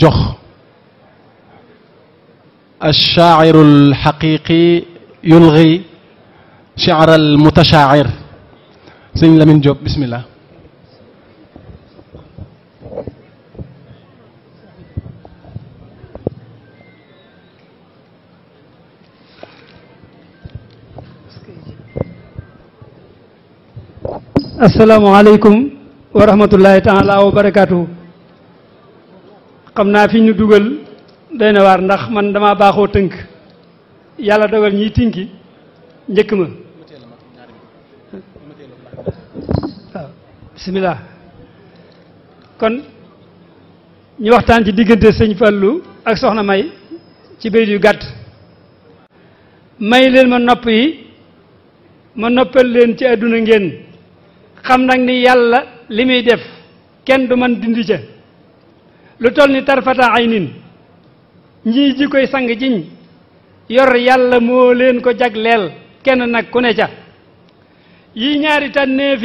jox alshaaciru alxaqiqi yulgi shi'ra almutashaacir sëñ Lamine Diop bismillah assalaamu aleykum wa rahmatullahi taala wa barakaatuhu xam naa fi ñu dugal doy na waar ndax man dama baaxoo tënk yàlla dogal ñiy tinki njëkk ma waaw kon ñu waxtaan ci diggante sëñ Fallou ak soxna May ci béy yu gàtt may leen ma nopp yi ma noppal leen ci àdduna ngeen xam nag ni yàlla li muy def kenn du man dindi ca lu tol ni tarfata ay nin ñii ji koy sang jiñ yor yàlla moo leen ko jagleel kenn nag ku ne ca yi ñaari tànneef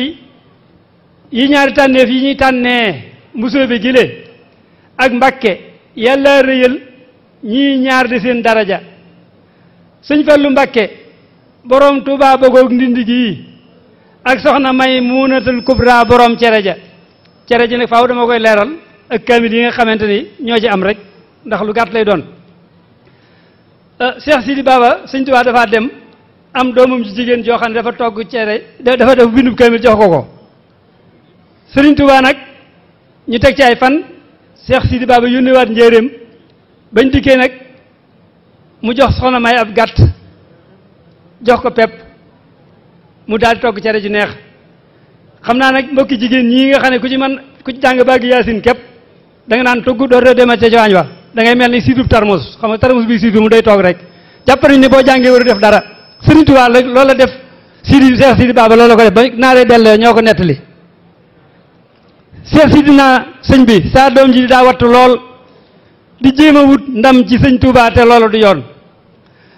yi ñaari tànneef yi ñuy tànnee mbusóobe gile ak mbakke yàlla réyal ñii ñaar di seen daraja sëñ Fallu Mbàkke boroom Tuubaa bëggoog ndindi gi ak soxna May Muunatul Kubra borom cere ja cere ji nag faw dama koy leeral ak kaamil yi nga xamante ni ñoo ci am rek ndax lu gàtt lay doon euh, Cheikh Sidi Baba sëñ Tuubaa dafa dem am doomam jigéen joo xam ne dafa togg cere dafa def bindub kaamil jox ko ko sëriñ Tuubaa nag ñu teg ci ay fan Cheikh Sidi Baba yónnewaat njéeréem bañ dikkee nag mu jox soxna may ab gàtt jox ko pepp mu daal di togg cere ju neex xam naa nag mbokki jigéen ñii nga xam ne ku ci man ku ci jàng bàgg yaasin képp da naan togg door dema ca waañ wa dangay ngay mel ni siidub tarmus xam nga tarmus bi siidu mu day toog rek jàpp nañ ne boo jàngee war a def dara Sëriñ Tuubaa la loola def Sidi Seex Sidi Baaba loola ko def ba naaree dellee ñoo ko nettali Seex Sidi naa sëñ bi saa doom ji daa wattu lool di jéem a wut ndam ci sëñ Tuubaa te loola du yoon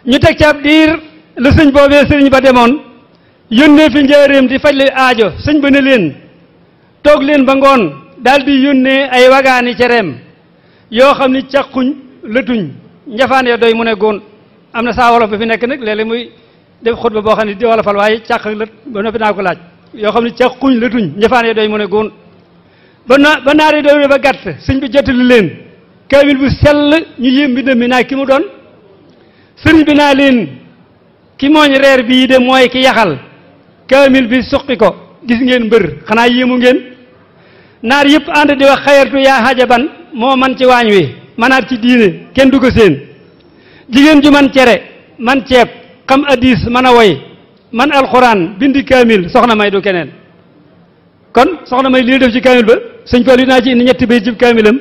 ñu teg ci ab diir la sëñ boobee sëriñ ba demoon yónnee fi njëriñam di faj la aajo sëñ ba ne leen toog leen ba ngoon daal di yónnee ay wagaani cereem yoo xam ni càquñ lëtuñ njafaan ya doy mu ne góon am na saa wolof bi fi nekk nag léeg-léeg muy def xutba boo xam ne di wolofal waaye càq lët ba noppi naa ko laaj yoo xam ne càquñ lëtuñ njafaan ya doy mu ne góon ba na ba naari doy ba gàtt sëñ bi jottali leen kaamil bu sell ñu yéem bi mi naa ki mu doon sëriñ bi naa leen ki mooñ reer bii de mooy ki yaxal kaamil bi suqi ko gis ngeen mbër xanaa yéemu ngeen naar yëpp ànd di wax xayartu yaa hajaban moo man ci waañ wi manaat ci diine kenn du ko seen jigéen ju man cere man ceeb xam addis man a woy man alxuraan bindi kaamil soxna may du keneen kon soxna may lii def ci kaamil ba sëñ Fall yi naa ci indi ñetti bay ci kaamilam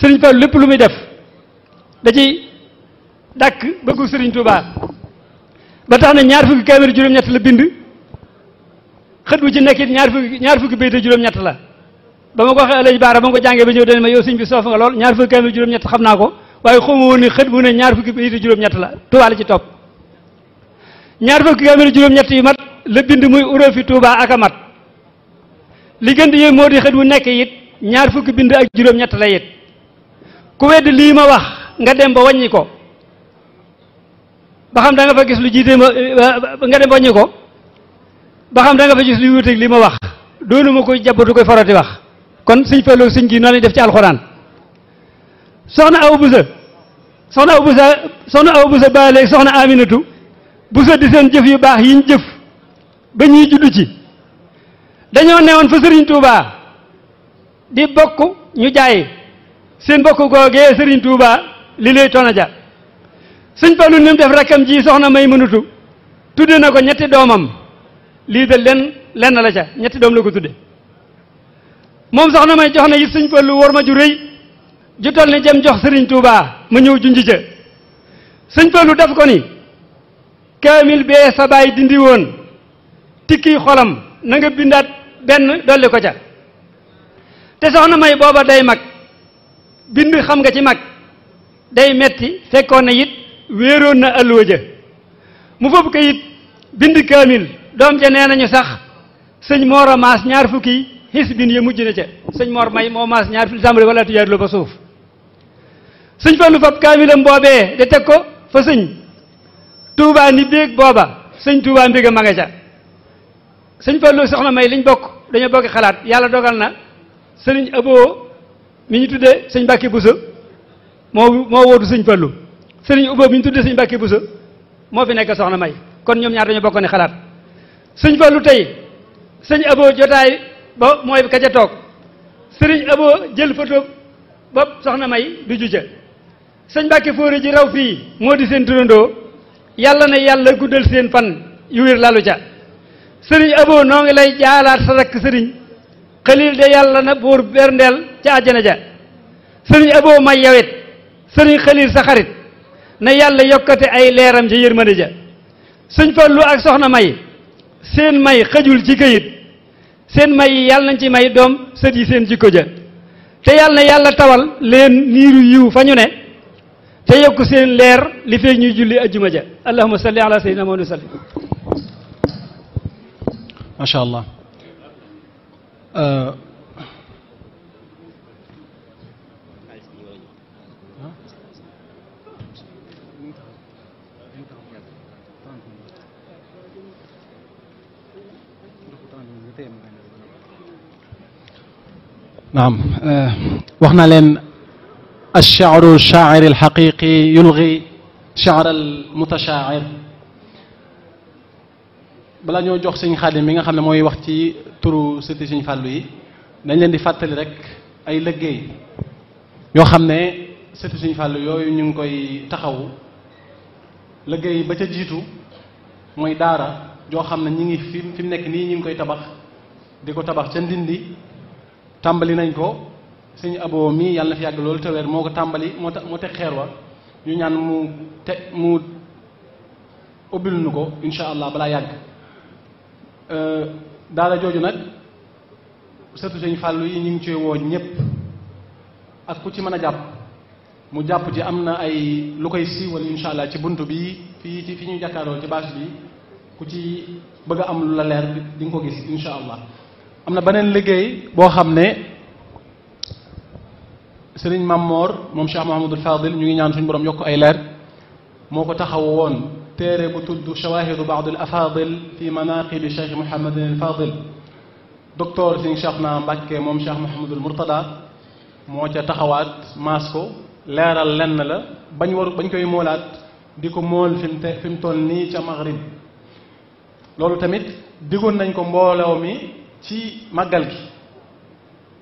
sëriñ Fall lépp lu muy def da ci dàkk bëggu sëriñ Tuubaa ba tax na ñaar fukki kaamil juróom-ñett la bind xët wu ci nekkit ñaar fukki ñaar fukki bayte juróom-ñett la ba ma ko waxee alaji baara ba ma ko jàngee ba ñëw dañ ma yow sëñ bi soof nga lool ñaar fukki kaamil juróom-ñett xam naa ko waaye xawma woon ne xët mu ne ñaar fukki bayit juróom-ñett la Tuubaa la ci topp ñaar fukki kaamil bind muy uró fi Tuubaa ak a mat li gën moo di xët wu nekk it ñaar fukki bind ak juróom-ñett la ku wedd lii ma wax nga dem ba wàññi ko ba xam da nga fa gis lu jiite ma nga dem ba wàññi ko ba xam da nga fa gis lu wuuteeg li ma wax doonu ma koy jabatu koy farati wax kon sëñ Fallou sëñ gi noonu lañ def ci alxuraan soxna aw busa soxna aw busa soxna aw busa ba léegi soxna aminatu busa di seen jëf yu baax yi jëf ba ñuy judd ci dañoo newoon fa sëriñ Touba di bokk ñu jaay seen bokk googee sëriñ Touba li lay tona ja sëñ Fallou ni mu def rakkam jii soxna may mënutu tudde na ko ñetti doomam lii de lenn lenn la ca ñetti doom la ko tudde moom soxna may jox na yi sëñ Fallu war ma ju rëy ju toll ne jëm jox sëriñ Touba ma ñëw junj ca sëñ Fallu ko ni kaamil bee sa baay dindi woon tikki xolam nanga nga bindaat benn dolli ko ca te soxna may booba day mag bind xam nga ci mag day metti fekkoon na it wéeroon na alluwa ja mu foofu ko it bind kaamil doom ja nee nañu sax sëñ moora maas ñaar fukki xisbin ya mujj na ca sëñ Mor May moo maas ñaar fi tàmbali wala tujaar lu ba suuf sëñ Fallu fab kaamilam boobee da teg ko fa sëñ Touba ni béeg booba sëñ Touba mbéga ma ca sëñ Fallu soxna May liñ bokk dañu bokk xalaat yàlla dogal na sëriñ Abo mi ñu tuddee sëñ Mbàkke Buso moo moo wóotu sëñ Fallu sëriñ Abo mi ñu tuddee sëñ Mbàkke Buso moo fi nekk soxna May kon ñoom ñaar dañu bokkoon ne xalaat sëñ Fallu tey sëñ Abo jotaay. ba mooy ka ca toog sëriñ aboo jël photo ba soxna may du ju ca sëñ Mbàkke Fóore ji raw fii moo di seen turandoo yàlla na yàlla guddal seen fan yu wér lalu ca sëriñ aboo noo ngi lay jaalaat sa rakk sëriñ xalil de yàlla na buur berndeel ca àjjana ja sëriñ aboo may yawet sëriñ xalil sa xarit na yàlla yokkate ay leeram ca yërmande ja sëñ Fallu ak soxna may seen may xëjul ci këyit seen may yi yàlla nañ ci may doom sët yi seen jikko ja te yàlla yàlla tawal leen niiru yiw fa ñu ne te yokk seen leer li fee ñuy julli ajjuma ja allahumma salli ala sayyidina Muhammad salli macha naam eh, wax naa leen alchaaru lchaacir alxaqiqi yulgi chaar almutachaacir balaa ñoo jox sëñ xaadim mi nga xam ne mooy wax ci turu sëti sëñ fàllu yi dañ leen di fàttali rek ay liggéey yoo xam ne sëti sëñ fàllu yooyu ñu ngi koy taxawu liggéey ba ca jiitu mooy daara joo xam ne ñi ngi fi fi nekk nii ñu ngi koy tabax di ko tabax ca ndindi tàmbali nañ ko sëñ aboo mii yàlla na fi yàgg loolu te weer moo ko tàmbali moo tax moo teg xeer wa ñu ñaan mu te mu ubbil nu ko incha allah balaa yàgg euh, daara jooju nag surtout sëñ fàll yi ñu ngi ci wooñ ñëpp ak ku ci mën a jàpp mu jàpp ci am na ay lu koy siiwal incha allah ci bunt bi fii ci fi ñu jàkkaaroo ci bâche bi ku ci bëgg a am lu la leer di nga ko gis incha allah am na beneen liggéey boo xam ne sëriñ Mamor moom Cheikh Mahamadul Fadil ñu ngi ñaan suñu boroom yokk ay leer moo ko taxaw woon téere bu tudd chawahidu baax al afadil fi manaqibi Cheikh Mouhamadin al Fadil docteur sëriñ Cheikh na Mbàkke moom Cheikh Mouhamadul Mourtada moo ca taxawaat maas ko leeral lenn la bañ waru bañ koy moolaat di ko mool fi mu te fi mu toll nii ca Maghrib loolu tamit diggoon nañ ko mbooloo mi ci màggal gi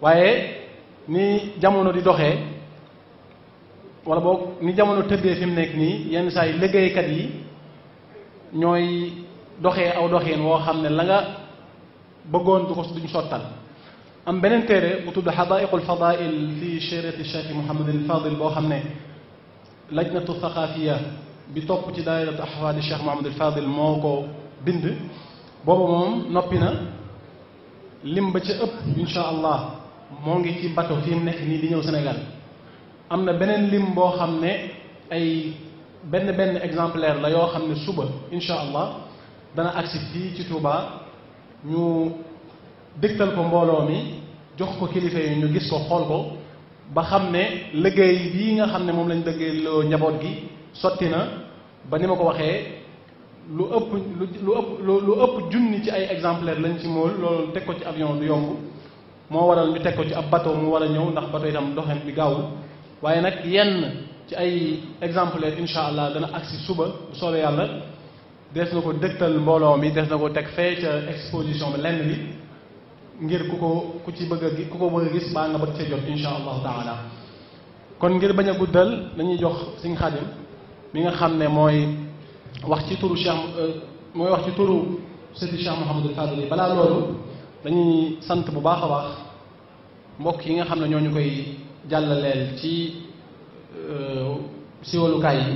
waaye ni jamono di doxee wala boog ni jamono tëddee fi nekk nii yenn saa yi yi ñooy doxe aw doxeen woo xam ne la nga bëggoon du ko duñ sottal am beneen téere bu tudd xadaaiqul fadail fi chérati cheikh Mouhamadul Fadil boo xam ne lajnatu thaqafiya bi topp ci daairatu ahwaali cheikh Mouhamadul Fadil moo ko bind booba moom noppi na lim ba ca ëpp insha allah moo ngi ci bato fi mu nekk nii di ñëw senegal am na beneen lim boo xam ne ay benn benn exemplaire la yoo xam ne suba insha allah dana agsi fii ci Touba ñu dégtal ko mbooloo mi jox ko kilifa yi ñu gis ko xool ko ba xam ne liggéey bii nga xam ne moom lañ dëggee loo njaboot gi sotti na ba ni ma ko waxee lu ëpp lu ëpp lu ëpp junni ci ay exemplaires lañ ci mool loolu teg ko ci avion du yomb moo waral ñu teg ko ci ab bateau mu war a ñëw ndax bateau itam doxeen bi gaawul waaye nag yenn ci ay exemplaires incha allah dana agsi suba bu yàlla des na ko dëgtal mbooloo mi des na ko teg fee ca exposition bi lenn bi ngir ku ko ku ci bëgg a ku ko bëgg a gis baa nga bëgg see jot incha allahu taala kon ngir bañ a guddal dañuy jox Sëñ Xaadim mi nga xam ne mooy wax ci turu Cheikh euh, mooy wax ci turu sëti Cheikh Mouhamadul Fadil balaa loolu dañuy sant bu baax a baax mbokk yi nga xam ne ñoo ñu koy jàllaleel ci euh, siwalukaay yi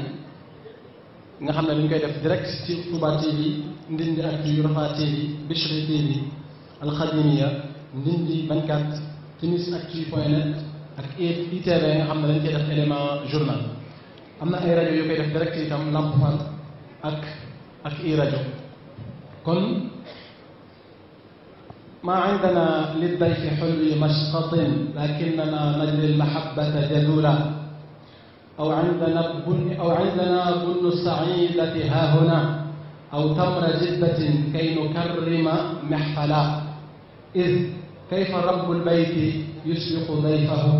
nga xam ne dañ koy def direct ci Touba TV Ndindi ak yu Rafah TV Bichri TV Alxadimiya Ndindi 24 Timis ak ci point net ak ITV nga xam ne dañ koy def élément journal am na ay rajo yoo koy def direct itam Lamp Fall ak ak i rajo kon ma indana lil dayfi xulli mashqatin lakinana najli almahabata jadula aw indana bun aw indana bunnu saidati hahuna aw tamra jiddatin kay nukarrima mexfala id kayfa rabu lbayti yusbiqu dayfahu